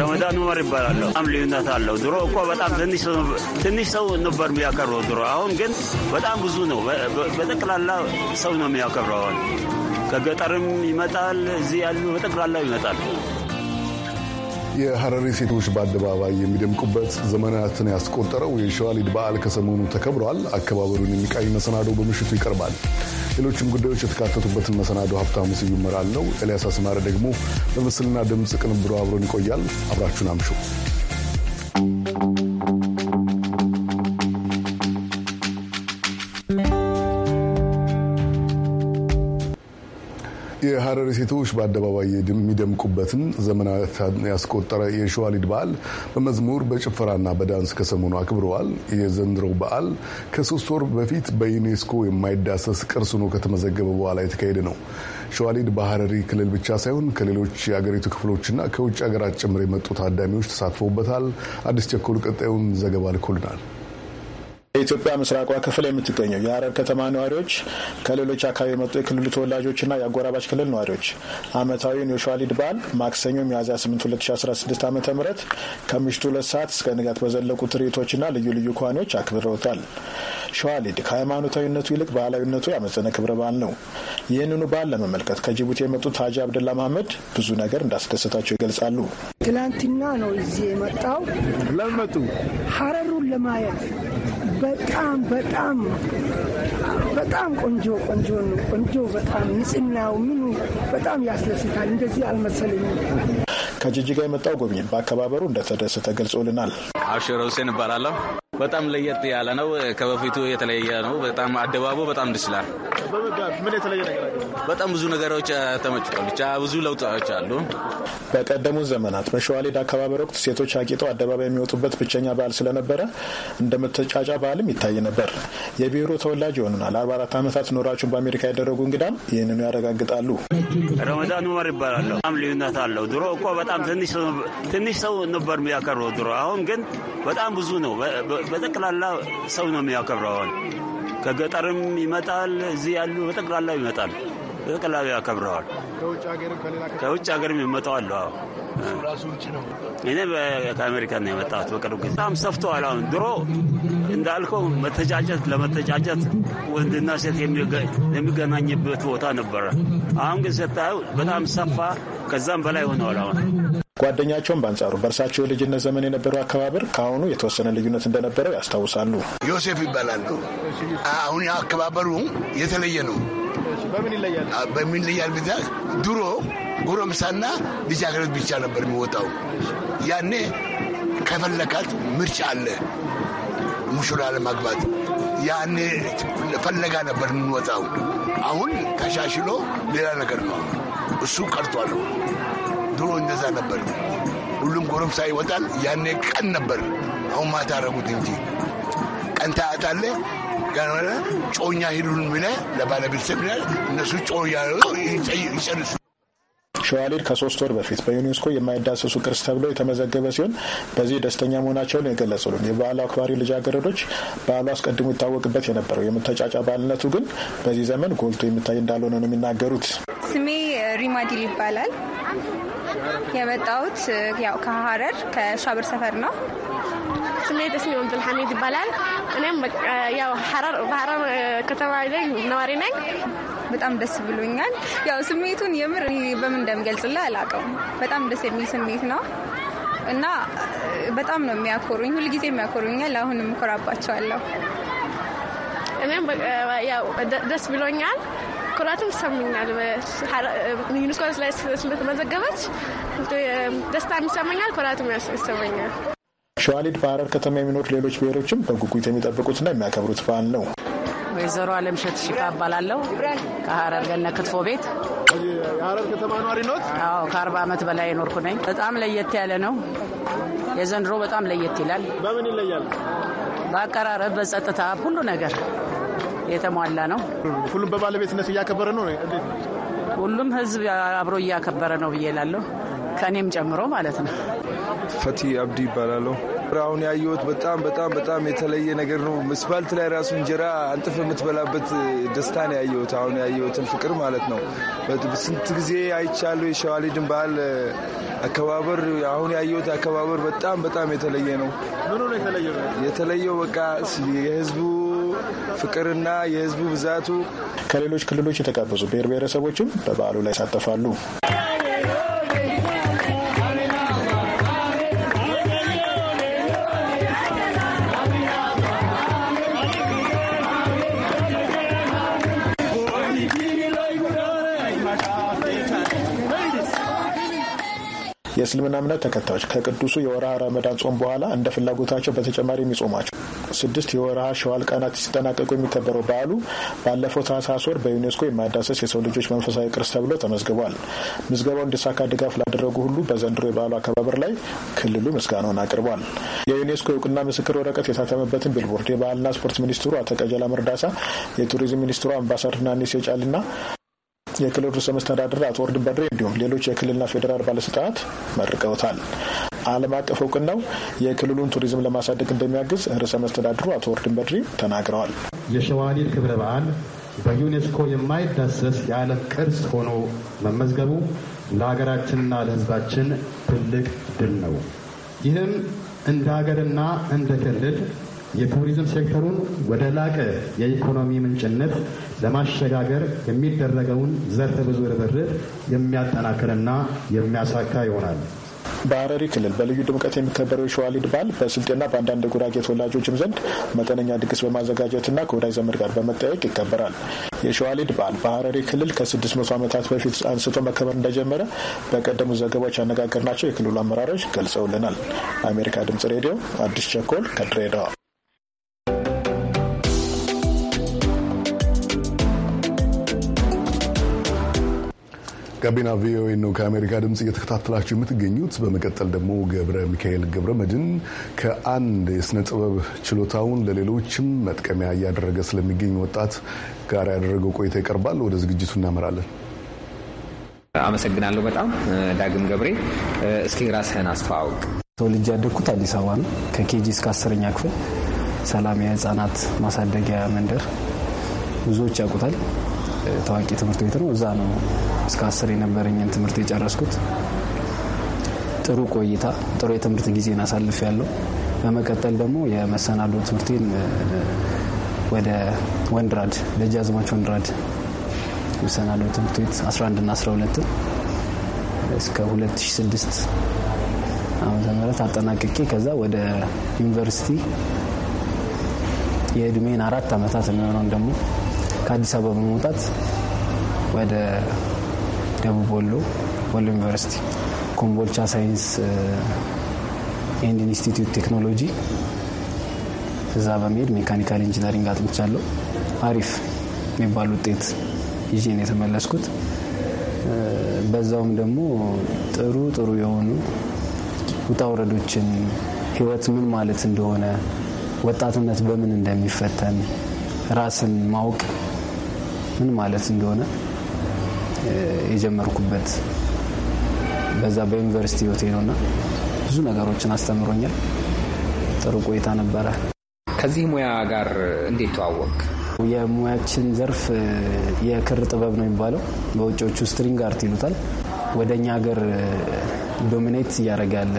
ረመዳን ኡመር ይባላለሁ። በጣም ልዩነት አለው። ድሮ እኮ በጣም ትንሽ ሰው ነበር የሚያከብረው ድሮ። አሁን ግን በጣም ብዙ ነው። በጠቅላላ ሰው ነው የሚያከብረው። ከገጠርም ይመጣል፣ እዚህ ያሉ በጠቅላላ ይመጣል። የሐረሪ ሴቶች በአደባባይ የሚደምቁበት ዘመናትን ያስቆጠረው የሸዋሊድ በዓል ከሰሞኑ ተከብረዋል። አከባበሩን የሚቃኝ መሰናዶ በምሽቱ ይቀርባል። ሌሎችም ጉዳዮች የተካተቱበትን መሰናዶ ሀብታሙ ስዩም ይመራል ኤልያስ አስማረ ደግሞ በምስልና ድምፅ ቅንብሮ አብሮን ይቆያል። አብራችሁን አምሹ። ሴቶች በአደባባይ የሚደምቁበትን ዘመናትን ያስቆጠረ የሸዋሊድ በዓል በመዝሙር በጭፈራና በዳንስ ከሰሞኑ አክብረዋል። የዘንድሮው በዓል ከሶስት ወር በፊት በዩኔስኮ የማይዳሰስ ቅርስ ሆኖ ከተመዘገበ በኋላ የተካሄደ ነው። ሸዋሊድ በሀረሪ ክልል ብቻ ሳይሆን ከሌሎች የአገሪቱ ክፍሎችና ከውጭ ሀገራት ጭምር የመጡ ታዳሚዎች ተሳትፈውበታል። አዲስ ቸኮል ቀጣዩን ዘገባ ልኮልናል። የኢትዮጵያ ምስራቋ ክፍል የምትገኘው የሀረር ከተማ ነዋሪዎች ከሌሎች አካባቢ የመጡ የክልሉ ተወላጆችና የአጎራባች ክልል ነዋሪዎች አመታዊውን የሸዋሊድ በዓል ማክሰኞ ሚያዝያ 8 2016 ዓ ም ከምሽቱ ሁለት ሰዓት እስከ ንጋት በዘለቁ ትርኢቶችና ልዩ ልዩ ከዋኔዎች አክብረውታል። ሸዋሊድ ከሃይማኖታዊነቱ ይልቅ ባህላዊነቱ ያመዘነ ክብረ በዓል ነው። ይህንኑ በዓል ለመመልከት ከጅቡቲ የመጡት ሀጂ አብደላ መሀመድ ብዙ ነገር እንዳስደሰታቸው ይገልጻሉ። ትላንትና ነው እዚህ የመጣው ለመጡ ሀረሩን ለማየት በጣም በጣም በጣም ቆንጆ ቆንጆ ነው። ቆንጆ በጣም ንጽህናው ምኑ በጣም ያስደስታል። እንደዚህ አልመሰለኝም። ከጅጅጋ የመጣው ጎብኝ በአከባበሩ እንደተደሰተ ገልጾልናል። አብሽረ ሁሴን እባላለሁ። በጣም ለየት ያለ ነው። ከበፊቱ የተለየ ነው። በጣም አደባቡ በጣም ደስ ይላል። በጣም ብዙ ነገሮች ተመችቷል። ብቻ ብዙ ለውጦች አሉ። በቀደሙት ዘመናት በሸዋሌድ አከባበር ወቅት ሴቶች አቂጠው አደባባይ የሚወጡበት ብቸኛ በዓል ስለነበረ እንደ መተጫጫ በዓልም ይታይ ነበር። የቢሮ ተወላጅ ይሆኑናል። አርባ አራት ዓመታት ኖራችሁን በአሜሪካ ያደረጉ እንግዳም ይህንኑ ያረጋግጣሉ። ረመዳን ዑመር ይባላለሁ። በጣም ልዩነት አለው። ድሮ እኮ በጣም ትንሽ ሰው ነበር የሚያከረው ድሮ። አሁን ግን በጣም ብዙ ነው። በጠቅላላ ሰው ነው የሚያከብረዋል። ከገጠርም ይመጣል፣ እዚህ ያሉ በጠቅላላ ይመጣል። በቀላሉ ያከብረዋል። ከውጭ ሀገር የሚመጣው አለ። እኔ ከአሜሪካ ነው የመጣሁት በቅርብ ጊዜ። በጣም ሰፍተዋል። አሁን ድሮ እንዳልከው መተጫጨት ለመተጫጨት ወንድና ሴት የሚገናኝበት ቦታ ነበረ። አሁን ግን ስታዩ በጣም ሰፋ፣ ከዛም በላይ ሆነዋል አሁን ጓደኛቸውን በአንጻሩ በእርሳቸው የልጅነት ዘመን የነበረው አከባበር ከአሁኑ የተወሰነ ልዩነት እንደነበረው ያስታውሳሉ። ዮሴፍ ይባላሉ። አሁን አከባበሩ የተለየ ነው። በምን ይለያል? ብዛ ድሮ ጎረምሳና ልጃገረት ብቻ ነበር የሚወጣው። ያኔ ከፈለካት ምርጫ አለ ሙሽራ ለማግባት ያኔ ፈለጋ ነበር የምንወጣው። አሁን ተሻሽሎ ሌላ ነገር ነው። እሱ ቀርቷል። ድሮ እንደዛ ነበር፣ ሁሉም ጎረምሳ ይወጣል። ያኔ ቀን ነበር፣ አሁን ማታረጉት እንጂ ቀን ታያታለህ። ገና ጮኛ ሂዱን ብለህ ለባለቤት ብለህ እነሱ ጮኛ ይጨርሱ። ሸዋሌድ ከሶስት ወር በፊት በዩኔስኮ የማይዳሰሱ ቅርስ ተብሎ የተመዘገበ ሲሆን በዚህ ደስተኛ መሆናቸውን የገለጹልን የበዓሉ አክባሪ ልጃገረዶች በዓሉ አስቀድሞ ይታወቅበት የነበረው የመተጫጫ በዓልነቱ ግን በዚህ ዘመን ጎልቶ የሚታይ እንዳልሆነ ነው የሚናገሩት። ስሜ ሪማዲል ይባላል። የመጣሁት ያው ከሀረር ከሻብር ሰፈር ነው። ስሜት እስሚ አብዱልሐሚድ ይባላል። እኔም ያው ሐረር ከተማ ላይ ነዋሪ ነኝ። በጣም ደስ ብሎኛል። ያው ስሜቱን የምር በምን እንደምገልጽልህ አላውቅም። በጣም ደስ የሚል ስሜት ነው እና በጣም ነው የሚያኮሩኝ። ሁልጊዜ የሚያኮሩኛል። አሁንም እኮራባቸዋለሁ። እኔም ደስ ብሎኛል። ኩራትም ይሰማኛል። ዩኒስኮ ስለተመዘገበች ደስታ ይሰማኛል፣ ኩራትም ይሰማኛል። ሸዋሌድ በሀረር ከተማ የሚኖሩ ሌሎች ብሔሮችም በጉጉት የሚጠብቁትና የሚያከብሩት በዓል ነው። ወይዘሮ አለም ሸት ሽፋ እባላለሁ ከሀረር ገነ ክትፎ ቤት የሀረር ከተማ ኗሪ ኖት? አዎ ከአርባ ዓመት በላይ የኖርኩ ነኝ። በጣም ለየት ያለ ነው። የዘንድሮ በጣም ለየት ይላል። በምን ይለያል? በአቀራረብ፣ በጸጥታ፣ ሁሉ ነገር የተሟላ ነው። ሁሉም በባለቤትነት እያከበረ ነው። ሁሉም ህዝብ አብሮ እያከበረ ነው ብዬ እላለሁ። ከእኔም ጀምሮ ማለት ነው። ፈቲ አብዲ ይባላለሁ። አሁን ያየሁት በጣም በጣም በጣም የተለየ ነገር ነው። መስፋልት ላይ ራሱ እንጀራ አንጥፍ የምትበላበት ደስታ ነው ያየሁት። አሁን ያየሁትን ፍቅር ማለት ነው። ስንት ጊዜ አይቻሉ የሸዋሊድን ባህል አከባበር አሁን ያየሁት አከባበር በጣም በጣም የተለየ ነው። የተለየው በቃ የህዝቡ ፍቅርና የህዝቡ ብዛቱ ከሌሎች ክልሎች የተጋበዙ ብሔር ብሔረሰቦችም በበዓሉ ላይ ይሳተፋሉ። የእስልምና እምነት ተከታዮች ከቅዱሱ የወርሃ ረመዳን ጾም በኋላ እንደ ፍላጎታቸው በተጨማሪ የሚጾሟቸው ስድስት የወርሃ ሸዋል ቀናት ሲጠናቀቁ የሚከበረው በዓሉ ባለፈው ታህሳስ ወር በዩኔስኮ የማይዳሰስ የሰው ልጆች መንፈሳዊ ቅርስ ተብሎ ተመዝግቧል። ምዝገባው እንዲሳካ ድጋፍ ላደረጉ ሁሉ በዘንድሮ የበዓሉ አከባበር ላይ ክልሉ ምስጋናውን አቅርቧል። የዩኔስኮ እውቅና ምስክር ወረቀት የታተመበትን ቢልቦርድ የባህልና ስፖርት ሚኒስትሩ አቶ ቀጀላ መርዳሳ፣ የቱሪዝም ሚኒስትሩ አምባሳደር ናኒሴ ጫልና የክልሉ ርዕሰ መስተዳድር አቶ ወርድ በድሬ እንዲሁም ሌሎች የክልልና ፌዴራል ባለስልጣናት መርቀውታል። ዓለም አቀፍ እውቅናው የክልሉን ቱሪዝም ለማሳደግ እንደሚያግዝ ርዕሰ መስተዳድሩ አቶ ወርድን በድሪ ተናግረዋል። የሸዋሊድ ክብረ በዓል በዩኔስኮ የማይዳሰስ የዓለም ቅርስ ሆኖ መመዝገቡ ለሀገራችንና ለሕዝባችን ትልቅ ድል ነው። ይህም እንደ ሀገርና እንደ ክልል የቱሪዝም ሴክተሩን ወደ ላቀ የኢኮኖሚ ምንጭነት ለማሸጋገር የሚደረገውን ዘርፈ ብዙ ርብርብ የሚያጠናክርና የሚያሳካ ይሆናል። በሀረሪ ክልል በልዩ ድምቀት የሚከበረው የሸዋሊድ በዓል በስልጤና በአንዳንድ የጉራጌ ተወላጆችም ዘንድ መጠነኛ ድግስ በማዘጋጀትና ከወዳጅ ዘመድ ጋር በመጠየቅ ይከበራል። የሸዋሊድ በዓል በሀረሪ ክልል ከ600 ዓመታት በፊት አንስቶ መከበር እንደጀመረ በቀደሙ ዘገባዎች ያነጋገርናቸው የክልሉ አመራሮች ገልጸውልናል። አሜሪካ ድምጽ ሬዲዮ አዲስ ቸኮል ከድሬዳዋ ጋቢና ቪኦኤ ነው ከአሜሪካ ድምፅ እየተከታተላችሁ የምትገኙት። በመቀጠል ደግሞ ገብረ ሚካኤል ገብረ መድን ከአንድ የስነ ጥበብ ችሎታውን ለሌሎችም መጥቀሚያ እያደረገ ስለሚገኝ ወጣት ጋር ያደረገው ቆይታ ይቀርባል። ወደ ዝግጅቱ እናመራለን። አመሰግናለሁ በጣም ዳግም ገብሬ። እስኪ ራስህን አስተዋውቅ። ተወልጄ ያደግኩት አዲስ አበባ ነው። ከኬጂ እስከ አስረኛ ክፍል ሰላም የህፃናት ማሳደጊያ መንደር ብዙዎች ያውቁታል። ታዋቂ ትምህርት ቤት ነው። እዛ ነው እስከ አስር የነበረኝን ትምህርት የጨረስኩት። ጥሩ ቆይታ፣ ጥሩ የትምህርት ጊዜን አሳልፍ ያለው። በመቀጠል ደግሞ የመሰናዶ ትምህርቴን ወደ ወንድራድ ደጃዝማች ወንድራድ መሰናዶ ትምህርት ቤት 11ና 12 እስከ 2006 ዓመተ ምህረት አጠናቅቄ ከዛ ወደ ዩኒቨርሲቲ የእድሜን አራት ዓመታት የሚሆነውን ደግሞ ከአዲስ አበባ በመውጣት ወደ ደቡብ ወሎ ወሎ ዩኒቨርሲቲ ኮምቦልቻ ሳይንስ ኤንድ ኢንስቲትዩት ቴክኖሎጂ እዛ በመሄድ ሜካኒካል ኢንጂነሪንግ አጥንቻለሁ። አሪፍ የሚባል ውጤት ይዤ ነው የተመለስኩት። በዛውም ደግሞ ጥሩ ጥሩ የሆኑ ውጣ ውረዶችን ህይወት ምን ማለት እንደሆነ፣ ወጣትነት በምን እንደሚፈተን ራስን ማወቅ ምን ማለት እንደሆነ የጀመርኩበት በዛ በዩኒቨርሲቲ ህይወቴ ነውና ብዙ ነገሮችን አስተምሮኛል። ጥሩ ቆይታ ነበረ። ከዚህ ሙያ ጋር እንዴት ተዋወቅ? የሙያችን ዘርፍ የክር ጥበብ ነው የሚባለው። በውጮቹ ስትሪንግ አርት ይሉታል። ወደ እኛ ሀገር ዶሚኔት እያደረገ ያለ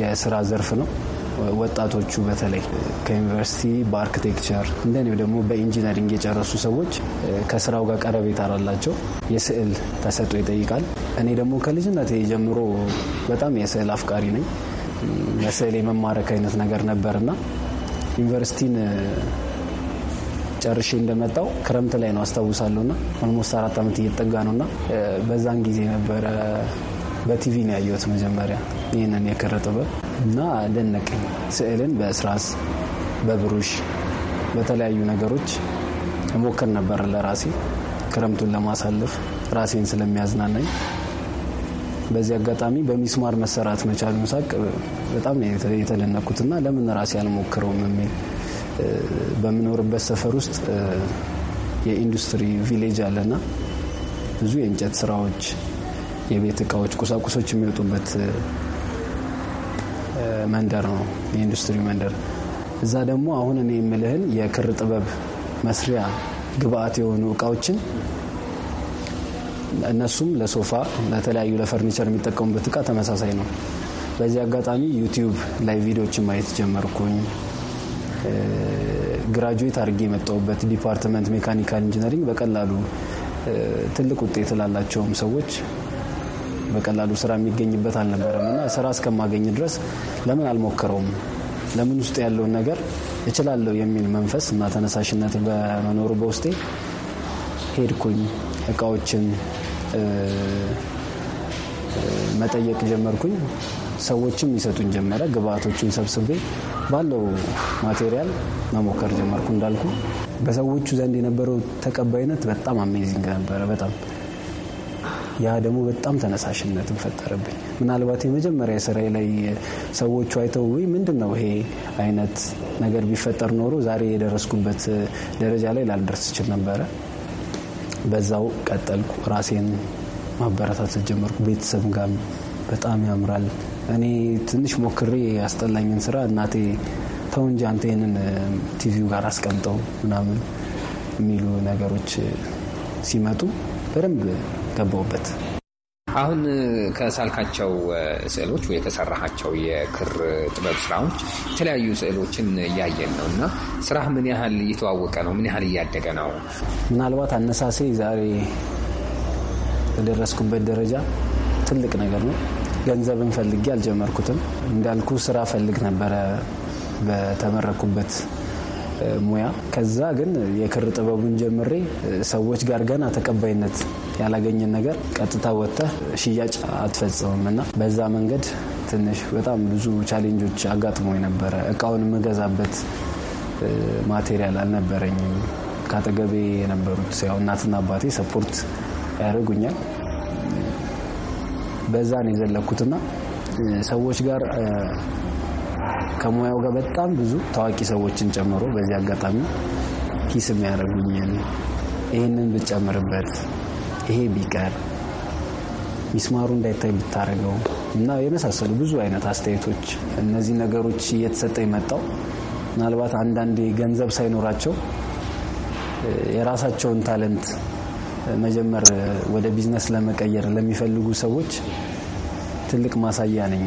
የስራ ዘርፍ ነው። ወጣቶቹ በተለይ ከዩኒቨርሲቲ በአርክቴክቸር እንደኔው ደግሞ በኢንጂነሪንግ የጨረሱ ሰዎች ከስራው ጋር ቀረቤት አላላቸው የስዕል ተሰጦ ይጠይቃል። እኔ ደግሞ ከልጅነት ጀምሮ በጣም የስዕል አፍቃሪ ነኝ። ለስዕል የመማረክ አይነት ነገር ነበርና ዩኒቨርሲቲን ጨርሼ እንደመጣው ክረምት ላይ ነው አስታውሳለሁና ኦልሞስት አራት ዓመት እየጠጋ ነውና በዛን ጊዜ ነበረ በቲቪ ነው ያየሁት መጀመሪያ ይህንን የክር ጥበብ እና ደነቀኝ። ስዕልን በእስራስ በብሩሽ በተለያዩ ነገሮች ሞክር ነበር ለራሴ ክረምቱን ለማሳለፍ ራሴን ስለሚያዝናናኝ። በዚህ አጋጣሚ በሚስማር መሰራት መቻሉን ሳቅ በጣም የተደነኩትና ለምን ራሴ አልሞክረውም የሚል በምኖርበት ሰፈር ውስጥ የኢንዱስትሪ ቪሌጅ አለና ብዙ የእንጨት ስራዎች የቤት እቃዎች፣ ቁሳቁሶች የሚወጡበት መንደር ነው የኢንዱስትሪ መንደር። እዛ ደግሞ አሁን እኔ የምልህን የክር ጥበብ መስሪያ ግብአት የሆኑ እቃዎችን እነሱም ለሶፋ ለተለያዩ ለፈርኒቸር የሚጠቀሙበት እቃ ተመሳሳይ ነው። በዚህ አጋጣሚ ዩቲዩብ ላይ ቪዲዮዎችን ማየት ጀመርኩኝ። ግራጁዌት አድርጌ የመጣሁበት ዲፓርትመንት ሜካኒካል ኢንጂነሪንግ በቀላሉ ትልቅ ውጤት ላላቸውም ሰዎች በቀላሉ ስራ የሚገኝበት አልነበረም እና ስራ እስከማገኝ ድረስ ለምን አልሞክረውም፣ ለምን ውስጥ ያለውን ነገር እችላለሁ የሚል መንፈስ እና ተነሳሽነት በመኖሩ በውስጤ ሄድኩኝ። እቃዎችን መጠየቅ ጀመርኩኝ። ሰዎችም ይሰጡኝ ጀመረ። ግብአቶችን ሰብስቤ ባለው ማቴሪያል መሞከር ጀመርኩ። እንዳልኩ በሰዎቹ ዘንድ የነበረው ተቀባይነት በጣም አሜዚንግ ነበረ በጣም ያ ደግሞ በጣም ተነሳሽነትን ፈጠረብኝ። ምናልባት የመጀመሪያ ስራዬ ላይ ሰዎቹ አይተው ምንድን ነው ይሄ አይነት ነገር ቢፈጠር ኖሮ ዛሬ የደረስኩበት ደረጃ ላይ ላልደርስ ችል ነበረ። በዛው ቀጠልኩ። ራሴን ማበረታት ጀመርኩ። ቤተሰብ ጋር በጣም ያምራል። እኔ ትንሽ ሞክሬ ያስጠላኝን ስራ እናቴ ተው እንጂ አንተ ይህንን ቲቪው ጋር አስቀምጠው ምናምን የሚሉ ነገሮች ሲመጡ በደንብ ገባሁበት። አሁን ከሳልካቸው ስዕሎች ወይ ከሰራሃቸው የክር ጥበብ ስራዎች የተለያዩ ስዕሎችን እያየን ነው እና ስራህ ምን ያህል እየተዋወቀ ነው? ምን ያህል እያደገ ነው? ምናልባት አነሳሴ ዛሬ በደረስኩበት ደረጃ ትልቅ ነገር ነው። ገንዘብን ፈልጌ አልጀመርኩትም። እንዳልኩ ስራ ፈልግ ነበረ በተመረኩበት ሙያ። ከዛ ግን የክር ጥበቡን ጀምሬ ሰዎች ጋር ገና ተቀባይነት ያላገኘን ነገር ቀጥታ ወጥተህ ሽያጭ አትፈጽምም እና በዛ መንገድ ትንሽ በጣም ብዙ ቻሌንጆች አጋጥሞ ነበረ። እቃውን የምገዛበት ማቴሪያል አልነበረኝም። ካጠገቤ የነበሩት ያው እናትና አባቴ ሰፖርት ያደርጉኛል። በዛ ነው የዘለኩትና ሰዎች ጋር ከሙያው ጋር በጣም ብዙ ታዋቂ ሰዎችን ጨምሮ በዚህ አጋጣሚ ኪስ የሚያደርጉኝን ይህንን ብጨምርበት ይሄ ቢቀር ሚስማሩ እንዳይታይ ብታደረገው እና የመሳሰሉ ብዙ አይነት አስተያየቶች እነዚህ ነገሮች እየተሰጠ የመጣው ምናልባት አንዳንዴ ገንዘብ ሳይኖራቸው የራሳቸውን ታለንት መጀመር ወደ ቢዝነስ ለመቀየር ለሚፈልጉ ሰዎች ትልቅ ማሳያ ነኝ።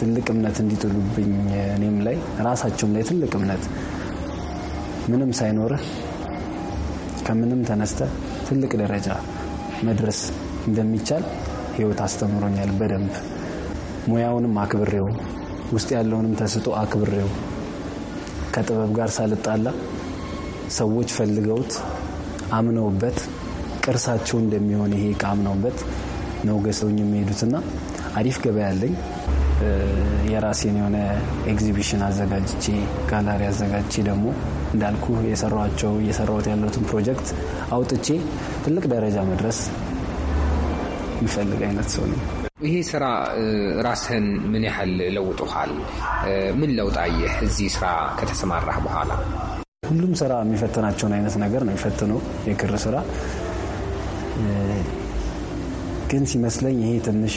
ትልቅ እምነት እንዲጥሉብኝ እኔም ላይ ራሳቸውም ላይ ትልቅ እምነት ምንም ሳይኖርህ ከምንም ተነስተ ትልቅ ደረጃ መድረስ እንደሚቻል ህይወት አስተምሮኛል። በደንብ ሙያውንም አክብሬው ውስጥ ያለውንም ተስጦ አክብሬው ከጥበብ ጋር ሳልጣላ ሰዎች ፈልገውት አምነውበት ቅርሳቸው እንደሚሆን ይሄ እቃ አምነውበት ነው ገዝተውኝ የሚሄዱትና አሪፍ ገበያ አለኝ። የራሴን የሆነ ኤግዚቢሽን አዘጋጅቼ ጋላሪ አዘጋጅቼ ደግሞ እንዳልኩ የሰሯቸው እየሰራሁት ያለሁትን ፕሮጀክት አውጥቼ ትልቅ ደረጃ መድረስ የሚፈልግ አይነት ሰው ነው። ይሄ ስራ ራስህን ምን ያህል ለውጡሃል? ምን ለውጥ አየህ እዚህ ስራ ከተሰማራህ በኋላ? ሁሉም ስራ የሚፈትናቸውን አይነት ነገር ነው የሚፈትነው። የክር ስራ ግን ሲመስለኝ ይሄ ትንሽ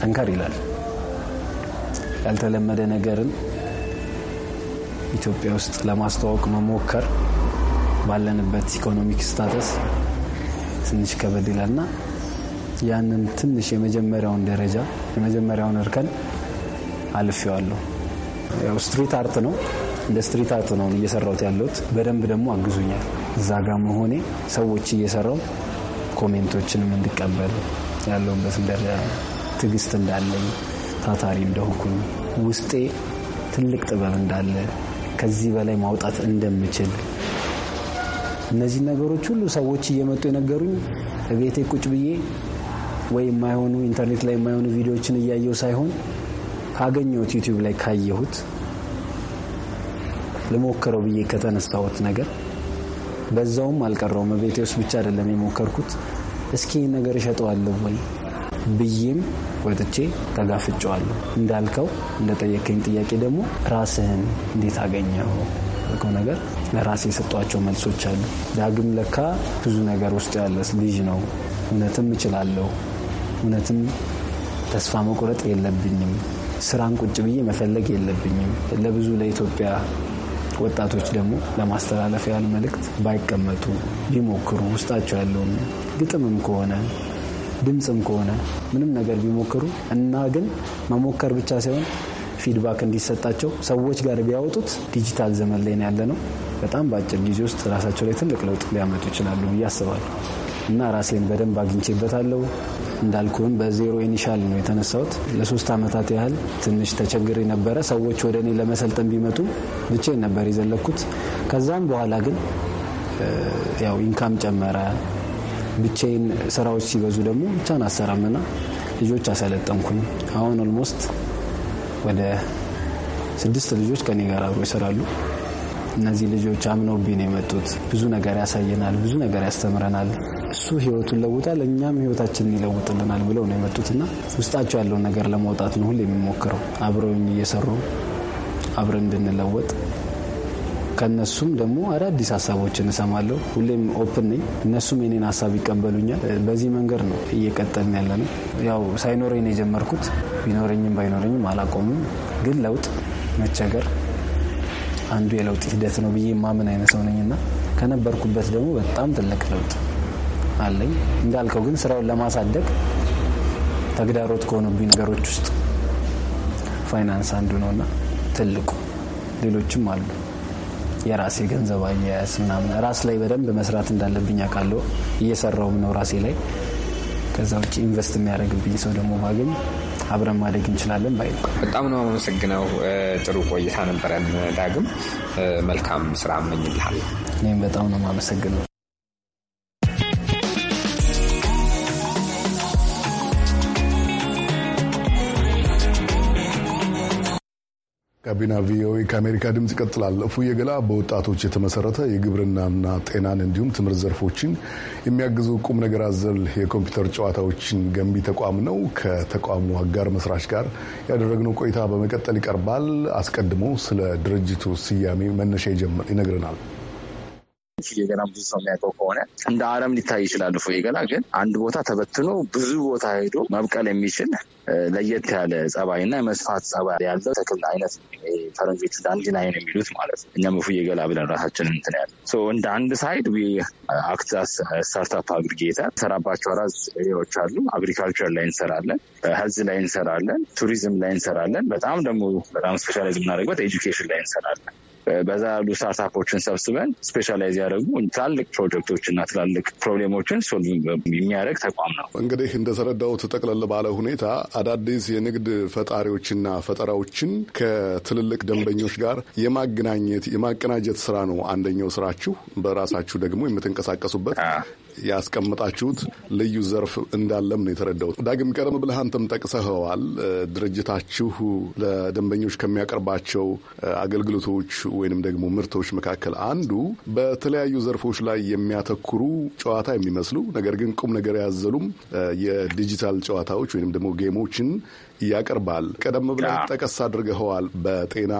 ጠንከር ይላል። ያልተለመደ ነገርን ኢትዮጵያ ውስጥ ለማስተዋወቅ መሞከር ባለንበት ኢኮኖሚክ ስታተስ ትንሽ ከበድ ይላልና ያንን ትንሽ የመጀመሪያውን ደረጃ የመጀመሪያውን እርከን አልፌዋለሁ። ያው ስትሪት አርት ነው፣ እንደ ስትሪት አርት ነው እየሰራሁት ያለሁት። በደንብ ደግሞ አግዙኛል። እዛ ጋር መሆኔ ሰዎች እየሰራው ኮሜንቶችንም እንድቀበል ያለሁበትም ደረጃ ትዕግስት እንዳለኝ ታታሪ እንደሆንኩኝ ውስጤ ትልቅ ጥበብ እንዳለ ከዚህ በላይ ማውጣት እንደምችል እነዚህ ነገሮች ሁሉ ሰዎች እየመጡ የነገሩኝ ቤቴ ቁጭ ብዬ ወይ የማይሆኑ ኢንተርኔት ላይ የማይሆኑ ቪዲዮዎችን እያየው ሳይሆን ካገኘሁት ዩቲዩብ ላይ ካየሁት ልሞክረው ብዬ ከተነሳሁት ነገር በዛውም አልቀረውም። ቤቴ ውስጥ ብቻ አይደለም የሞከርኩት። እስኪ ነገር እሸጠዋለሁ ወይ ብዬም ወጥቼ ተጋፍጨዋለሁ። እንዳልከው እንደጠየቀኝ ጥያቄ ደግሞ ራስህን እንዴት አገኘው ያልከው ነገር ለራሴ የሰጧቸው መልሶች አሉ። ዳግም ለካ ብዙ ነገር ውስጥ ያለ ልጅ ነው። እውነትም እችላለሁ። እውነትም ተስፋ መቁረጥ የለብኝም። ስራን ቁጭ ብዬ መፈለግ የለብኝም። ለብዙ ለኢትዮጵያ ወጣቶች ደግሞ ለማስተላለፍ ያህል መልእክት ባይቀመጡ ቢሞክሩ ውስጣቸው ያለውን ግጥምም ከሆነ ድምፅም ከሆነ ምንም ነገር ቢሞክሩ እና ግን መሞከር ብቻ ሳይሆን ፊድባክ እንዲሰጣቸው ሰዎች ጋር ቢያወጡት ዲጂታል ዘመን ላይ ያለ ነው። በጣም በአጭር ጊዜ ውስጥ ራሳቸው ላይ ትልቅ ለውጥ ሊያመጡ ይችላሉ ብዬ አስባለሁ እና ራሴን በደንብ አግኝቼበታለሁ። እንዳልኩም በዜሮ ኢኒሻል ነው የተነሳሁት። ለሶስት ዓመታት ያህል ትንሽ ተቸግሬ ነበረ። ሰዎች ወደ እኔ ለመሰልጠን ቢመጡ ብቼ ነበር የዘለኩት። ከዛም በኋላ ግን ያው ኢንካም ጨመረ። ብቻዬን ስራዎች ሲበዙ ደግሞ ብቻን አሰራምና ልጆች አሰለጠንኩኝ። አሁን ኦልሞስት ወደ ስድስት ልጆች ከኔ ጋር አብሮ ይሰራሉ። እነዚህ ልጆች አምነውብኝ ነው የመጡት። ብዙ ነገር ያሳየናል፣ ብዙ ነገር ያስተምረናል። እሱ ህይወቱን ለውጣል፣ እኛም ህይወታችንን ይለውጥልናል ብለው ነው የመጡትና ውስጣቸው ያለውን ነገር ለማውጣት ነው ሁሌ የሚሞክረው አብረውኝ እየሰሩ አብረን እንድንለወጥ ከነሱም ደግሞ አዳዲስ ሀሳቦችን እሰማለሁ። ሁሌም ኦፕን ነኝ። እነሱም የኔን ሀሳብ ይቀበሉኛል። በዚህ መንገድ ነው እየቀጠልን ያለ ነው። ያው ሳይኖረኝ ነው የጀመርኩት። ቢኖረኝም ባይኖረኝም አላቆምም። ግን ለውጥ መቸገር አንዱ የለውጥ ሂደት ነው ብዬ የማምን አይነት ሰው ነኝና ከነበርኩበት ደግሞ በጣም ትልቅ ለውጥ አለኝ። እንዳልከው ግን ስራውን ለማሳደግ ተግዳሮት ከሆኑብኝ ነገሮች ውስጥ ፋይናንስ አንዱ ነውና ትልቁ፣ ሌሎችም አሉ። የራሴ ገንዘብ አያያዝ ምናምን ራስ ላይ በደንብ መስራት እንዳለብኝ አውቃለሁ። እየሰራውም ነው ራሴ ላይ። ከዛ ውጭ ኢንቨስት የሚያደርግብኝ ሰው ደግሞ ባገኝ አብረን ማደግ እንችላለን ባይ በጣም ነው አመሰግነው። ጥሩ ቆይታ ነበረን። ዳግም መልካም ስራ እመኝልሃለሁ። እኔም በጣም ነው አመሰግነው። ጋቢና ቪኦኤ ከአሜሪካ ድምፅ ይቀጥላል። ፉየ ገላ በወጣቶች የተመሰረተ የግብርናና ጤናን እንዲሁም ትምህርት ዘርፎችን የሚያግዙ ቁም ነገር አዘል የኮምፒውተር ጨዋታዎችን ገንቢ ተቋም ነው። ከተቋሙ አጋር መስራች ጋር ያደረግነው ቆይታ በመቀጠል ይቀርባል። አስቀድሞ ስለ ድርጅቱ ስያሜ መነሻ ይነግረናል። ፉዬገና ብዙ ሰው የሚያውቀው ከሆነ እንደ አረም ሊታይ ይችላል። ፉዬገና ግን አንድ ቦታ ተበትኖ ብዙ ቦታ ሄዶ መብቀል የሚችል ለየት ያለ ጸባይ እና የመስፋት ጸባይ ያለው ተክል አይነት ፈረንጆቹ ዳንዲናይን የሚሉት ማለት ነው። እኛም ፉዬገና ብለን ራሳችን እንትን ያለ እንደ አንድ ሳይድ አክት ስታርታፕ አግሪጌተር ሰራባቸው አራት ኤሪያዎች አሉ። አግሪካልቸር ላይ እንሰራለን፣ ሄልዝ ላይ እንሰራለን፣ ቱሪዝም ላይ እንሰራለን። በጣም ደግሞ በጣም ስፔሻላይዝ የምናደርግበት ኤጁኬሽን ላይ እንሰራለን። በዛ ያሉ ስታርታፖችን ሰብስበን ስፔሻላይዝ ያደረጉ ትላልቅ ፕሮጀክቶችና ትላልቅ ፕሮብሌሞችን የሚያደርግ ተቋም ነው። እንግዲህ እንደተረዳሁት ጠቅለል ባለ ሁኔታ አዳዲስ የንግድ ፈጣሪዎችና ፈጠራዎችን ከትልልቅ ደንበኞች ጋር የማገናኘት የማቀናጀት ስራ ነው አንደኛው ስራችሁ። በራሳችሁ ደግሞ የምትንቀሳቀሱበት ያስቀምጣችሁት ልዩ ዘርፍ እንዳለም ነው የተረዳው። ዳግም ቀደም ብለህ አንተም ጠቅሰኸዋል። ድርጅታችሁ ለደንበኞች ከሚያቀርባቸው አገልግሎቶች ወይንም ደግሞ ምርቶች መካከል አንዱ በተለያዩ ዘርፎች ላይ የሚያተኩሩ ጨዋታ የሚመስሉ ነገር ግን ቁም ነገር ያዘሉም የዲጂታል ጨዋታዎች ወይንም ደግሞ ጌሞችን ያቀርባል። ቀደም ብለህ ጠቀስ አድርገኸዋል። በጤና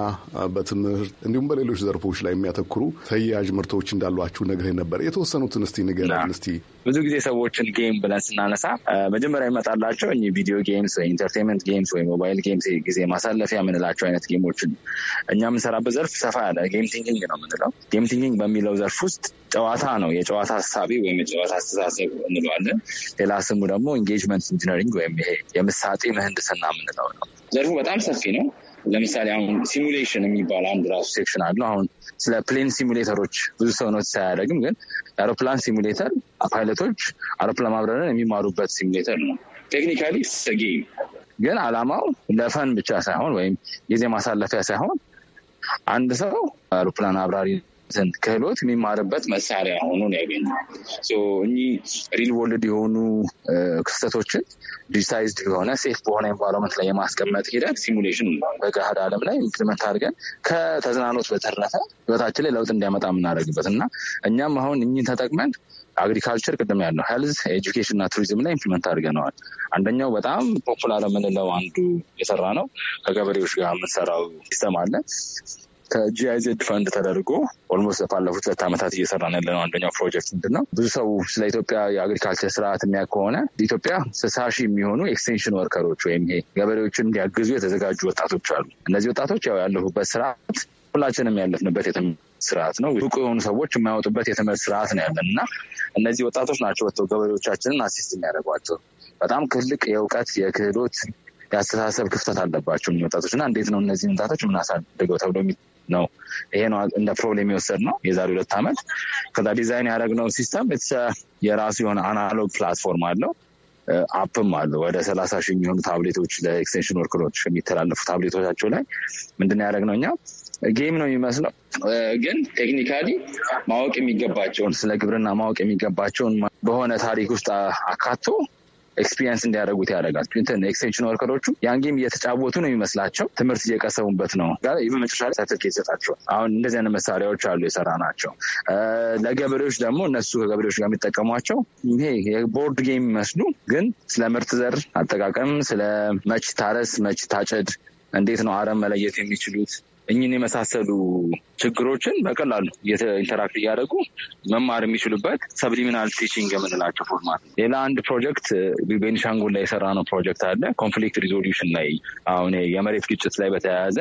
በትምህርት እንዲሁም በሌሎች ዘርፎች ላይ የሚያተኩሩ ተያያዥ ምርቶች እንዳሏችሁ ነግረኝ ነበር። የተወሰኑትን እስቲ ንገረን እስቲ ብዙ ጊዜ ሰዎችን ጌም ብለን ስናነሳ መጀመሪያ ይመጣላቸው እ ቪዲዮ ጌምስ፣ ኢንተርቴንመንት ጌምስ ወይ ሞባይል ጌምስ ጊዜ ማሳለፊያ የምንላቸው አይነት ጌሞችን እኛ የምንሰራበት ዘርፍ ሰፋ ያለ ጌም ቲንኪንግ ነው የምንለው። ጌም ቲንኪንግ በሚለው ዘርፍ ውስጥ ጨዋታ ነው የጨዋታ ሀሳቢ ወይም የጨዋታ አስተሳሰብ እንለዋለን። ሌላ ስሙ ደግሞ ኢንጌጅመንት ኢንጂነሪንግ ወይም ይሄ የምሳጤ ምህንድስና የምንለው ነው። ዘርፉ በጣም ሰፊ ነው። ለምሳሌ አሁን ሲሙሌሽን የሚባል አንድ ራሱ ሴክሽን አለው። አሁን ስለ ፕሌን ሲሙሌተሮች ብዙ ሰው ነው ሳያደግም ግን የአውሮፕላን ሲሙሌተር ፓይለቶች አውሮፕላን ማብረርን የሚማሩበት ሲሙሌተር ነው። ቴክኒካሊ ሰጌም ግን አላማው ለፈን ብቻ ሳይሆን ወይም ጊዜ ማሳለፊያ ሳይሆን አንድ ሰው አውሮፕላን አብራሪ ዘንድ ክህሎት የሚማርበት መሳሪያ ሆኖ ነው ያገኘው። እኚህ ሪል ወርልድ የሆኑ ክስተቶችን ዲጂታይዝድ የሆነ ሴፍ በሆነ ኤንቫይሮመንት ላይ የማስቀመጥ ሂደት ሲሙሌሽን በገሃድ ዓለም ላይ ኢምፕሊመንት አድርገን ከተዝናኖት በተረፈ ህይወታችን ላይ ለውጥ እንዲያመጣ የምናደርግበት እና እኛም አሁን እኚህን ተጠቅመን አግሪካልቸር ቅድም ያለው ሄልዝ፣ ኤጁኬሽን እና ቱሪዝም ላይ ኢምፕሊመንት አድርገነዋል። አንደኛው በጣም ፖፑላር የምንለው አንዱ የሰራ ነው። ከገበሬዎች ጋር የምንሰራው ሲስተም አለ ከጂአይዜድ ፈንድ ተደርጎ ኦልሞስት ባለፉት ሁለት ዓመታት እየሰራን ነው። አንደኛው ፕሮጀክት ምንድን ነው? ብዙ ሰው ስለ ኢትዮጵያ የአግሪካልቸር ስርዓት የሚያ ከሆነ ኢትዮጵያ ስሳ ሺህ የሚሆኑ ኤክስቴንሽን ወርከሮች ወይም ይሄ ገበሬዎችን እንዲያግዙ የተዘጋጁ ወጣቶች አሉ። እነዚህ ወጣቶች ያው ያለፉበት ስርዓት ሁላችንም ያለፍንበት የትምህርት ስርዓት ነው። ብቁ የሆኑ ሰዎች የማያወጡበት የትምህርት ስርዓት ነው ያለን እና እነዚህ ወጣቶች ናቸው ወጥተው ገበሬዎቻችንን አሲስት የሚያደርጓቸው። በጣም ትልቅ የእውቀት የክህሎት የአስተሳሰብ ክፍተት አለባቸው ወጣቶች እና እንዴት ነው እነዚህን ወጣቶች ምናሳድገው ተብሎ ነው። ይሄ ነው እንደ ፕሮብሌም የወሰድ ነው የዛሬ ሁለት ዓመት። ከዛ ዲዛይን ያደረግነው ሲስተም የራሱ የሆነ አናሎግ ፕላትፎርም አለው አፕም አሉ። ወደ ሰላሳ ሺህ የሚሆኑ ታብሌቶች ለኤክስቴንሽን ወርከሮች የሚተላለፉ ታብሌቶቻቸው ላይ ምንድን ነው እኛ ጌም ነው የሚመስለው፣ ግን ቴክኒካሊ ማወቅ የሚገባቸውን ስለ ግብርና ማወቅ የሚገባቸውን በሆነ ታሪክ ውስጥ አካቶ ኤክስፒሪየንስ እንዲያደርጉት ያደርጋል። እንትን ኤክስቴንሽን ወርከሮቹ ያን ጌም እየተጫወቱ ነው የሚመስላቸው ትምህርት እየቀሰሙበት ነው መጨረሻ ላይ ሰርቲፊኬት ይሰጣቸዋል። አሁን እንደዚህ አይነት መሳሪያዎች አሉ የሰራ ናቸው። ለገበሬዎች ደግሞ እነሱ ከገበሬዎች ጋር የሚጠቀሟቸው ይሄ የቦርድ ጌም የሚመስሉ ግን ስለ ምርት ዘር አጠቃቀም ስለ መች ታረስ መች ታጨድ እንዴት ነው አረም መለየት የሚችሉት እኝን የመሳሰሉ ችግሮችን በቀላሉ ኢንተራክት እያደረጉ መማር የሚችሉበት ሰብሊሚናል ቲችንግ የምንላቸው ፎርማት ሌላ አንድ ፕሮጀክት ቤኒሻንጉል ላይ የሰራ ነው ፕሮጀክት አለ ኮንፍሊክት ሪዞሉሽን ላይ አሁን የመሬት ግጭት ላይ በተያያዘ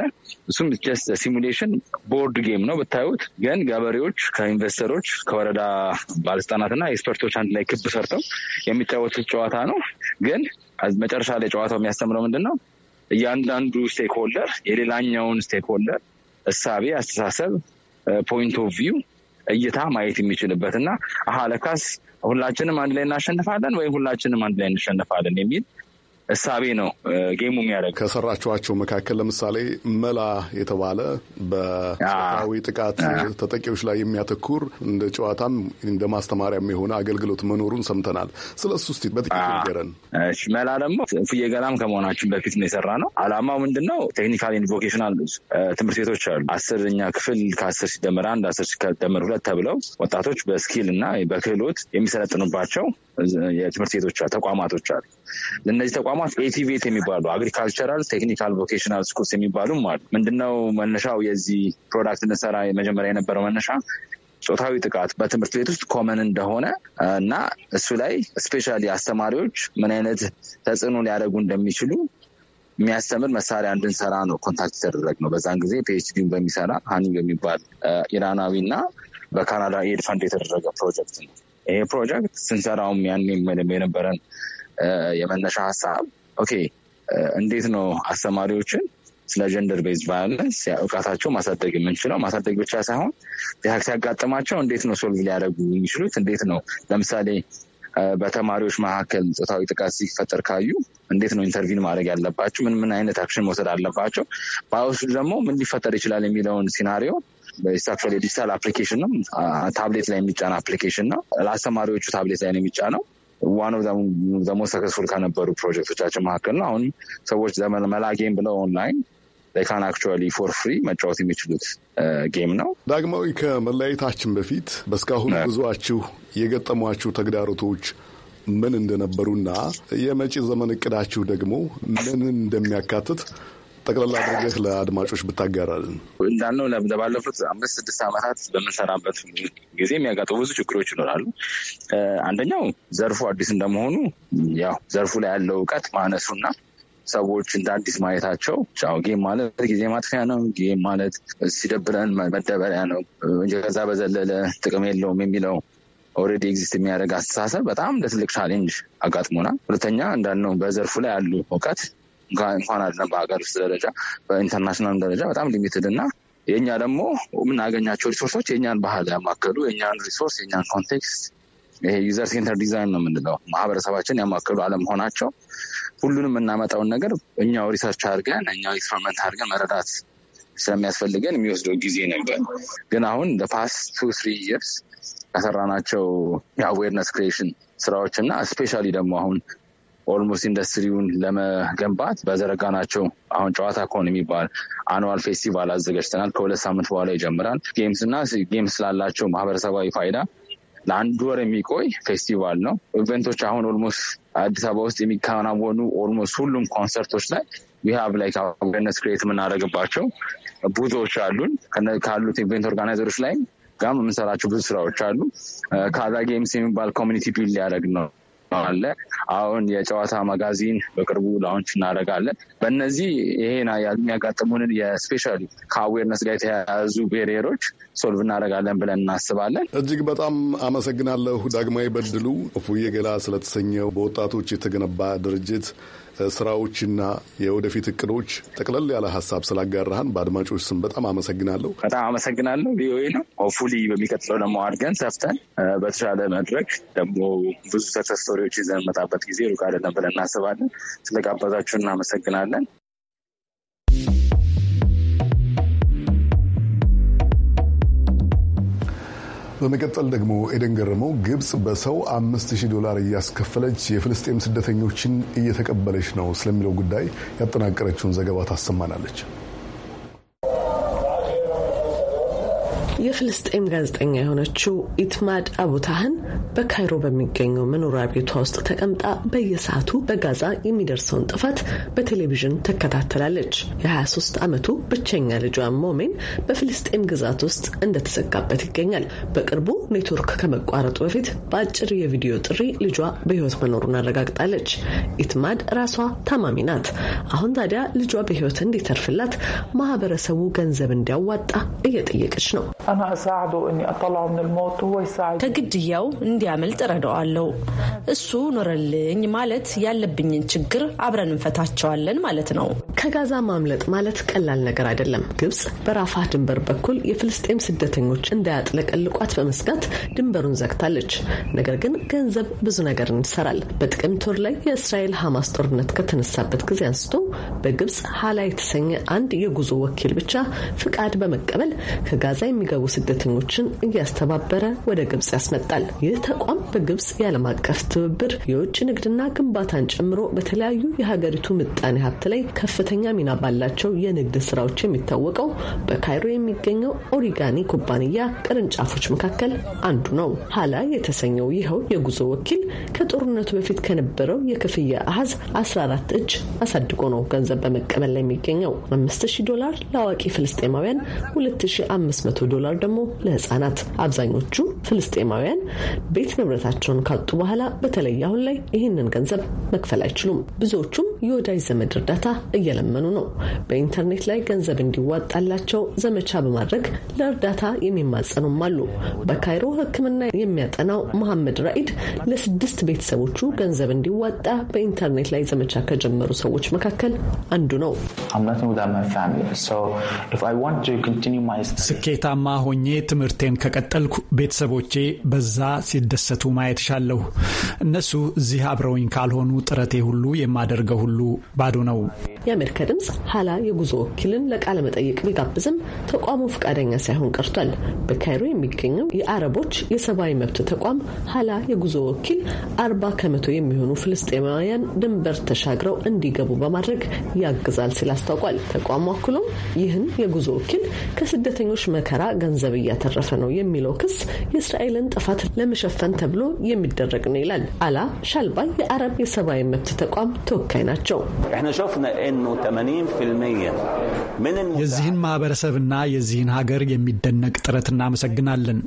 እሱም ጀስት ሲሙሌሽን ቦርድ ጌም ነው ብታዩት። ግን ገበሬዎች ከኢንቨስተሮች ከወረዳ ባለስልጣናትና ኤክስፐርቶች አንድ ላይ ክብ ሰርተው የሚጫወቱት ጨዋታ ነው። ግን መጨረሻ ላይ ጨዋታው የሚያስተምረው ምንድን ነው? እያንዳንዱ ስቴክሆልደር የሌላኛውን ስቴክሆልደር እሳቤ፣ አስተሳሰብ፣ ፖይንት ኦፍ ቪው እይታ ማየት የሚችልበት እና አሀለካስ ለካስ ሁላችንም አንድ ላይ እናሸንፋለን ወይም ሁላችንም አንድ ላይ እንሸንፋለን የሚል እሳቤ ነው ጌሙ የሚያደርግ። ከሰራችኋቸው መካከል ለምሳሌ መላ የተባለ በጾታዊ ጥቃት ተጠቂዎች ላይ የሚያተኩር እንደ ጨዋታም እንደ ማስተማሪያም የሆነ አገልግሎት መኖሩን ሰምተናል። ስለ እሱ ስ በጥቂት ንገረን። መላ ደግሞ ፍየገላም ገላም ከመሆናችን በፊት ነው የሰራ ነው። አላማው ምንድን ነው? ቴክኒካል ኢን ቮኬሽናል ትምህርት ቤቶች አሉ። አስርኛ ክፍል ከአስር ሲደመር አንድ አስር ሲደመር ሁለት ተብለው ወጣቶች በስኪል እና በክህሎት የሚሰለጥኑባቸው የትምህርት ቤቶች ተቋማቶች አሉ። እነዚህ ተቋማት ኤቲቬት የሚባሉ አግሪካልቸራል ቴክኒካል ቮኬሽናል ስኩልስ የሚባሉም አሉ። ምንድነው መነሻው የዚህ ፕሮዳክት እንሰራ መጀመሪያ የነበረው መነሻ ጾታዊ ጥቃት በትምህርት ቤት ውስጥ ኮመን እንደሆነ እና እሱ ላይ ስፔሻሊ አስተማሪዎች ምን አይነት ተጽዕኖ ሊያደርጉ እንደሚችሉ የሚያስተምር መሳሪያ እንድንሰራ ነው ኮንታክት ነው። በዛን ጊዜ ፒኤችዲን በሚሰራ ሀኒ በሚባል ኢራናዊ እና በካናዳ ኤድ ፈንድ የተደረገ ፕሮጀክት ነው። ይሄ ፕሮጀክት ስንሰራውም ያኔም የነበረን የመነሻ ሀሳብ ኦኬ እንዴት ነው አስተማሪዎችን ስለ ጀንደር ቤዝ ቫዮለንስ እውቃታቸው ማሳደግ የምንችለው? ማሳደግ ብቻ ሳይሆን ሲያጋጥማቸው እንዴት ነው ሶልቭ ሊያደርጉ የሚችሉት? እንዴት ነው ለምሳሌ በተማሪዎች መካከል ፆታዊ ጥቃት ሲፈጠር ካዩ እንዴት ነው ኢንተርቪን ማድረግ ያለባቸው? ምን ምን አይነት አክሽን መውሰድ አለባቸው? ባይወስዱ ደግሞ ምን ሊፈጠር ይችላል የሚለውን ሲናሪዮ በኢንስትራክቸር የዲጂታል አፕሊኬሽን ነው። ታብሌት ላይ የሚጫን አፕሊኬሽን ነው። ለአስተማሪዎቹ ታብሌት ላይ ነው የሚጫነው። ዋን ኦፍ ዘሞ ሰክሰስፉል ከነበሩ ፕሮጀክቶቻችን መካከል ነው። አሁን ሰዎች ዘመን መላ ጌም ብለው ኦንላይን ካን አክቹዋሊ ፎር ፍሪ መጫወት የሚችሉት ጌም ነው። ዳግማዊ፣ ከመለያየታችን በፊት በእስካሁን ጉዟችሁ የገጠሟችሁ ተግዳሮቶች ምን እንደነበሩና የመጪ ዘመን እቅዳችሁ ደግሞ ምን እንደሚያካትት ጠቅላላ አድርገህ ለአድማጮች ብታጋራልን። እንዳልነው ለባለፉት አምስት ስድስት ዓመታት በምንሰራበት ጊዜ የሚያጋጥሙ ብዙ ችግሮች ይኖራሉ። አንደኛው ዘርፉ አዲስ እንደመሆኑ ያው ዘርፉ ላይ ያለው እውቀት ማነሱና ሰዎች እንደ አዲስ ማየታቸው ው ጌም ማለት ጊዜ ማጥፊያ ነው፣ ጌም ማለት ሲደብረን መደበሪያ ነው እንጂ ከዛ በዘለለ ጥቅም የለውም የሚለው ኦልሬዲ ኤግዚስት የሚያደርግ አስተሳሰብ በጣም ለትልቅ ትልቅ ቻሌንጅ አጋጥሞናል። ሁለተኛ እንዳልነው በዘርፉ ላይ ያሉ እውቀት እንኳን አይደለም በሀገር ውስጥ ደረጃ በኢንተርናሽናል ደረጃ በጣም ሊሚትድ እና የእኛ ደግሞ የምናገኛቸው ሪሶርሶች የእኛን ባህል ያማከሉ የእኛን ሪሶርስ የእኛን ኮንቴክስት ይሄ ዩዘር ሴንተር ዲዛይን ነው የምንለው ማህበረሰባችን ያማከሉ አለመሆናቸው ሁሉንም የምናመጣውን ነገር እኛው ሪሰርች አድርገን እኛው ኤክስፐሪመንት አድርገን መረዳት ስለሚያስፈልገን የሚወስደው ጊዜ ነበር። ግን አሁን ለፓስት ቱ ስሪ ይርስ ከሰራናቸው የአዌርነስ ክሪኤሽን ስራዎች እና ስፔሻሊ ደግሞ አሁን ኦልሞስት ኢንዱስትሪውን ለመገንባት በዘረጋ ናቸው። አሁን ጨዋታ ኮን የሚባል አኑዋል ፌስቲቫል አዘጋጅተናል። ከሁለት ሳምንት በኋላ ይጀምራል። ጌምስ እና ጌምስ ስላላቸው ማህበረሰባዊ ፋይዳ ለአንድ ወር የሚቆይ ፌስቲቫል ነው። ኢቨንቶች አሁን ኦልሞስት አዲስ አበባ ውስጥ የሚከናወኑ ኦልሞስት ሁሉም ኮንሰርቶች ላይ ዊሃብ ላይ ከአገርነት ክሬት የምናደርግባቸው ብዙዎች አሉን። ካሉት ኢቨንት ኦርጋናይዘሮች ላይ ጋም የምንሰራቸው ብዙ ስራዎች አሉ። ከዛ ጌምስ የሚባል ኮሚኒቲ ቢል ሊያደርግ ነው አለ። አሁን የጨዋታ መጋዚን በቅርቡ ላውንች እናደርጋለን። በእነዚህ ይሄን የሚያጋጥሙንን የስፔሻል ከአዌርነስ ጋር የተያያዙ ቤሪየሮች ሶልቭ እናደርጋለን ብለን እናስባለን። እጅግ በጣም አመሰግናለሁ። ዳግማዊ በድሉ እፉዬ ገላ ስለተሰኘው በወጣቶች የተገነባ ድርጅት ስራዎችና የወደፊት እቅዶች ጠቅለል ያለ ሀሳብ ስላጋራህን በአድማጮች ስም በጣም አመሰግናለሁ። በጣም አመሰግናለሁ። ቪኦኤ ነው ሆፉሊ በሚቀጥለው ደግሞ አድገን ሰፍተን በተሻለ መድረክ ደግሞ ብዙ ሰክሰስ ስቶሪዎች ይዘን መጣበት ጊዜ ሩቅ አይደለም ብለን እናስባለን። ስለጋበዛችሁን እናመሰግናለን። በመቀጠል ደግሞ ኤደን ገረመው ግብጽ በሰው አምስት ዶላር እያስከፈለች የፍልስጤም ስደተኞችን እየተቀበለች ነው ስለሚለው ጉዳይ ያጠናቀረችውን ዘገባ ታሰማናለች። የፍልስጤም ጋዜጠኛ የሆነችው ኢትማድ አቡታህን በካይሮ በሚገኘው መኖሪያ ቤቷ ውስጥ ተቀምጣ በየሰዓቱ በጋዛ የሚደርሰውን ጥፋት በቴሌቪዥን ትከታተላለች። የ23 ዓመቱ ብቸኛ ልጇ ሞሜን በፍልስጤም ግዛት ውስጥ እንደተሰጋበት ይገኛል። በቅርቡ ኔትወርክ ከመቋረጡ በፊት በአጭር የቪዲዮ ጥሪ ልጇ በህይወት መኖሩን አረጋግጣለች። ኢትማድ ራሷ ታማሚ ናት። አሁን ታዲያ ልጇ በህይወት እንዲተርፍላት ማህበረሰቡ ገንዘብ እንዲያዋጣ እየጠየቀች ነው። ከግድያው እንዲያመልጥ ረዳዋለሁ። እሱ ኖረልኝ ማለት ያለብኝን ችግር አብረን እንፈታቸዋለን ማለት ነው። ከጋዛ ማምለጥ ማለት ቀላል ነገር አይደለም። ግብጽ በራፋ ድንበር በኩል የፍልስጤም ስደተኞች እንዳያጥለቀልቋት በመስጋት ለማሳካት ድንበሩን ዘግታለች። ነገር ግን ገንዘብ ብዙ ነገር ይሰራል። በጥቅምት ወር ላይ የእስራኤል ሐማስ ጦርነት ከተነሳበት ጊዜ አንስቶ በግብፅ ሀላ የተሰኘ አንድ የጉዞ ወኪል ብቻ ፍቃድ በመቀበል ከጋዛ የሚገቡ ስደተኞችን እያስተባበረ ወደ ግብፅ ያስመጣል። ይህ ተቋም በግብፅ የዓለም አቀፍ ትብብር የውጭ ንግድና ግንባታን ጨምሮ በተለያዩ የሀገሪቱ ምጣኔ ሀብት ላይ ከፍተኛ ሚና ባላቸው የንግድ ስራዎች የሚታወቀው በካይሮ የሚገኘው ኦሪጋኒ ኩባንያ ቅርንጫፎች መካከል አንዱ ነው። ሀላ የተሰኘው ይኸው የጉዞ ወኪል ከጦርነቱ በፊት ከነበረው የክፍያ አሀዝ 14 እጅ አሳድጎ ነው ገንዘብ በመቀበል ላይ የሚገኘው 5000 ዶላር ለአዋቂ ፍልስጤማውያን፣ 2500 ዶላር ደግሞ ለህጻናት። አብዛኞቹ ፍልስጤማውያን ቤት ንብረታቸውን ካጡ በኋላ በተለይ አሁን ላይ ይህንን ገንዘብ መክፈል አይችሉም። ብዙዎቹም የወዳጅ ዘመድ እርዳታ እየለመኑ ነው። በኢንተርኔት ላይ ገንዘብ እንዲዋጣላቸው ዘመቻ በማድረግ ለእርዳታ የሚማጸኑም አሉ። በካይሮ በካይሮ ሕክምና የሚያጠናው መሐመድ ራኢድ ለስድስት ቤተሰቦቹ ገንዘብ እንዲዋጣ በኢንተርኔት ላይ ዘመቻ ከጀመሩ ሰዎች መካከል አንዱ ነው። ስኬታማ ሆኜ ትምህርቴን ከቀጠልኩ ቤተሰቦቼ በዛ ሲደሰቱ ማየት ሻለሁ። እነሱ እዚህ አብረውኝ ካልሆኑ ጥረቴ ሁሉ የማደርገው ሁሉ ባዶ ነው። የአሜሪካ ድምፅ ሀላ የጉዞ ወኪልን ለቃለመጠይቅ ቢጋብዝም ተቋሙ ፈቃደኛ ሳይሆን ቀርቷል። በካይሮ የሚገኘው የአረ የአረቦች የሰብአዊ መብት ተቋም ሀላ የጉዞ ወኪል አርባ ከመቶ የሚሆኑ ፍልስጤማውያን ድንበር ተሻግረው እንዲገቡ በማድረግ ያግዛል ሲል አስታውቋል። ተቋሙ አክሎም ይህን የጉዞ ወኪል ከስደተኞች መከራ ገንዘብ እያተረፈ ነው የሚለው ክስ የእስራኤልን ጥፋት ለመሸፈን ተብሎ የሚደረግ ነው ይላል። አላ ሻልባይ የአረብ የሰብአዊ መብት ተቋም ተወካይ ናቸው። የዚህን ማህበረሰብና የዚህን ሀገር የሚደነቅ ጥረት እናመሰግናለን።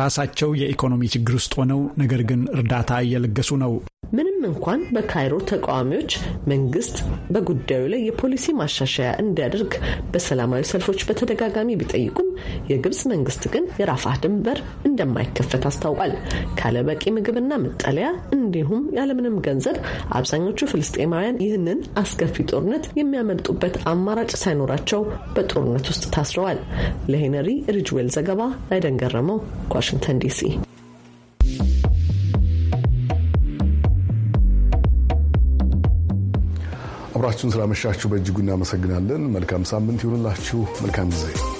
ራሳቸው የኢኮኖሚ ችግር ውስጥ ሆነው ነገር ግን እርዳታ እየለገሱ ነው። ምንም እንኳን በካይሮ ተቃዋሚዎች መንግስት በጉዳዩ ላይ የፖሊሲ ማሻሻያ እንዲያደርግ በሰላማዊ ሰልፎች በተደጋጋሚ ቢጠይቁም የግብፅ መንግስት ግን የራፋህ ድንበር እንደማይከፈት አስታውቋል። ካለ በቂ ምግብና መጠለያ እንዲሁም ያለምንም ገንዘብ አብዛኞቹ ፍልስጤማውያን ይህንን አስከፊ ጦርነት የሚያመልጡበት አማራጭ ሳይኖራቸው በጦርነት ውስጥ ታስረዋል። ለሄነሪ ሪጅዌል ዘገባ አይደን ገረመው ከዋሽንግተን ዲሲ አብራችሁን ስላመሻችሁ በእጅጉ እናመሰግናለን። መልካም ሳምንት ይሁንላችሁ። መልካም ጊዜ